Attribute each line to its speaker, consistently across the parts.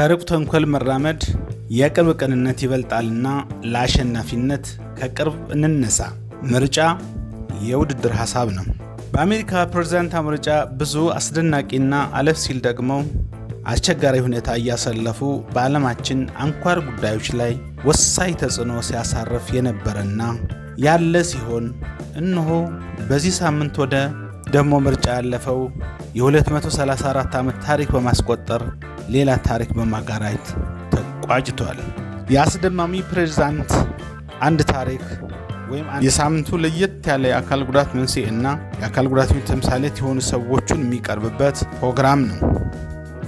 Speaker 1: ከሩቅ ተንኮል መራመድ የቅርብ ቅንነት ይበልጣልና ለአሸናፊነት ከቅርብ እንነሳ። ምርጫ የውድድር ሀሳብ ነው። በአሜሪካ ፕሬዝዳንታዊ ምርጫ ብዙ አስደናቂና አለፍ ሲል ደግሞ አስቸጋሪ ሁኔታ እያሰለፉ በዓለማችን አንኳር ጉዳዮች ላይ ወሳኝ ተጽዕኖ ሲያሳርፍ የነበረና ያለ ሲሆን እነሆ በዚህ ሳምንት ወደ ደግሞ ምርጫ ያለፈው የ234 ዓመት ታሪክ በማስቆጠር ሌላ ታሪክ በማጋራት ተቋጭቷል። የአስደማሚ ፕሬዚዳንት አንድ ታሪክ ወይም የሳምንቱ ለየት ያለ የአካል ጉዳት መንስኤ እና የአካል ጉዳተኞች ተምሳሌት የሆኑ ሰዎቹን የሚቀርብበት ፕሮግራም ነው።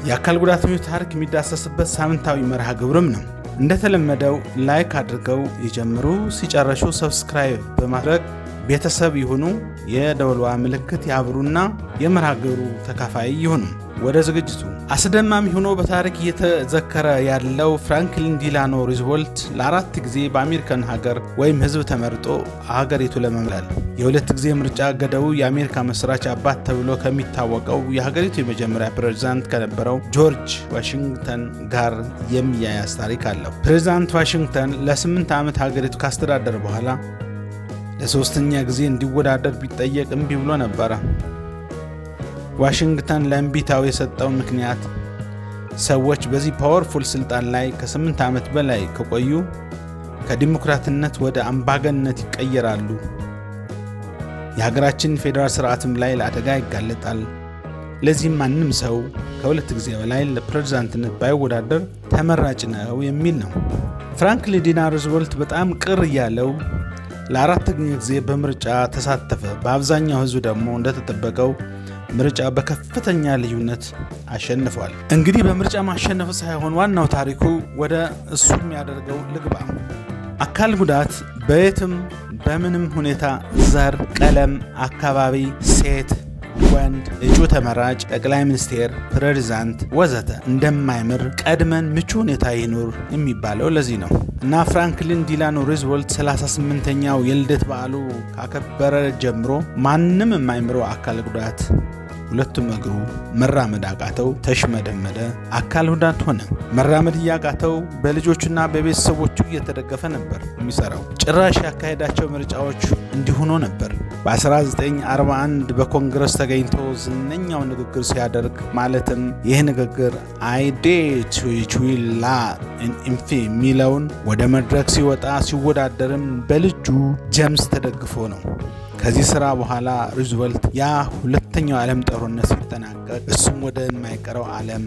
Speaker 1: የአካል ጉዳተኞች ታሪክ የሚዳሰስበት ሳምንታዊ መርሃ ግብርም ነው። እንደተለመደው ላይክ አድርገው ይጀምሩ። ሲጨረሹ ሰብስክራይብ በማድረግ ቤተሰብ ይሁኑ፣ የደወልዋ ምልክት ያብሩና የመርሃ ግብሩ ተካፋይ ይሁኑ። ወደ ዝግጅቱ አስደማሚ ሆኖ በታሪክ እየተዘከረ ያለው ፍራንክሊን ዲላኖ ሩዝቬልት ለአራት ጊዜ በአሜሪካን ሀገር ወይም ሕዝብ ተመርጦ ሀገሪቱ ለመምላል የሁለት ጊዜ ምርጫ ገደቡ የአሜሪካ መስራች አባት ተብሎ ከሚታወቀው የሀገሪቱ የመጀመሪያ ፕሬዚዳንት ከነበረው ጆርጅ ዋሽንግተን ጋር የሚያያዝ ታሪክ አለው። ፕሬዚዳንት ዋሽንግተን ለስምንት ዓመት ሀገሪቱ ካስተዳደር በኋላ ለሶስተኛ ጊዜ እንዲወዳደር ቢጠየቅ እምቢ ብሎ ነበረ። ዋሽንግተን ለእምቢታው የሰጠው ምክንያት ሰዎች በዚህ ፓወርፉል ስልጣን ላይ ከስምንት ዓመት በላይ ከቆዩ ከዲሞክራትነት ወደ አምባገነት ይቀየራሉ፣ የሀገራችን ፌዴራል ስርዓትም ላይ ለአደጋ ይጋለጣል። ለዚህም ማንም ሰው ከሁለት ጊዜ በላይ ለፕሬዚዳንትነት ባይወዳደር ተመራጭ ነው የሚል ነው። ፍራንክሊን ዲና ሩዝቨልት በጣም ቅር እያለው ለአራተኛ ጊዜ በምርጫ ተሳተፈ። በአብዛኛው ህዝብ ደግሞ እንደተጠበቀው ምርጫ በከፍተኛ ልዩነት አሸንፏል። እንግዲህ በምርጫ ማሸነፍ ሳይሆን ዋናው ታሪኩ ወደ እሱ የሚያደርገው ልግባ። አካል ጉዳት በየትም በምንም ሁኔታ ዘር፣ ቀለም፣ አካባቢ፣ ሴት ወንድ እጩ ተመራጭ ጠቅላይ ሚኒስቴር ፕሬዚዳንት ወዘተ እንደማይምር ቀድመን ምቹ ሁኔታ ይኑር የሚባለው ለዚህ ነው እና ፍራንክሊን ዲላኖ ሩዝቬልት 38ኛው የልደት በዓሉ ካከበረ ጀምሮ ማንም የማይምረው አካል ጉዳት ሁለቱም እግሩ መራመድ አቃተው፣ ተሽመደመደ፣ አካል ጉዳት ሆነ። መራመድ እያቃተው በልጆቹና በቤተሰቦቹ እየተደገፈ ነበር የሚሰራው። ጭራሽ ያካሄዳቸው ምርጫዎች እንዲሆኖ ነበር። በ1941 በኮንግረስ ተገኝቶ ዝነኛው ንግግር ሲያደርግ ማለትም ይህ ንግግር አይዴ ችዊላ ኢንፊ የሚለውን ወደ መድረክ ሲወጣ ሲወዳደርም በልጁ ጀምስ ተደግፎ ነው። ከዚህ ስራ በኋላ ሩዝቨልት ያ ሁለተኛው ዓለም ጦርነት ሲጠናቀቅ እሱም ወደ የማይቀረው ዓለም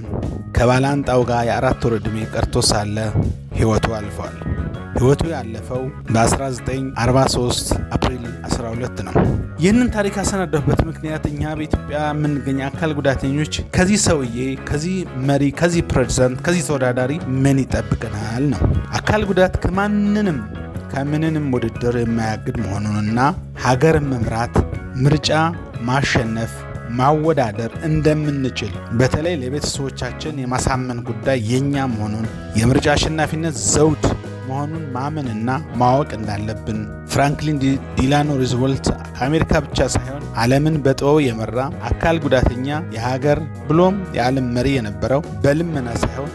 Speaker 1: ከባላንጣው ጋር የአራት ወር ዕድሜ ቀርቶ ሳለ ሕይወቱ አልፏል። ሕይወቱ ያለፈው በ1943 አፕሪል 12 ነው። ይህንን ታሪክ ያሰናዳሁበት ምክንያት እኛ በኢትዮጵያ የምንገኝ አካል ጉዳተኞች ከዚህ ሰውዬ፣ ከዚህ መሪ፣ ከዚህ ፕሬዚዳንት፣ ከዚህ ተወዳዳሪ ምን ይጠብቅናል ነው። አካል ጉዳት ከማንንም ከምንንም ውድድር የማያግድ መሆኑንና ሀገር መምራት፣ ምርጫ ማሸነፍ ማወዳደር እንደምንችል በተለይ ለቤተሰቦቻችን የማሳመን ጉዳይ የኛ መሆኑን የምርጫ አሸናፊነት ዘውድ መሆኑን ማመንና ማወቅ እንዳለብን ፍራንክሊን ዲላኖ ሩዝቬልት አሜሪካ ብቻ ሳይሆን ዓለምን በጥበብ የመራ አካል ጉዳተኛ የሀገር ብሎም የዓለም መሪ የነበረው በልመና ሳይሆን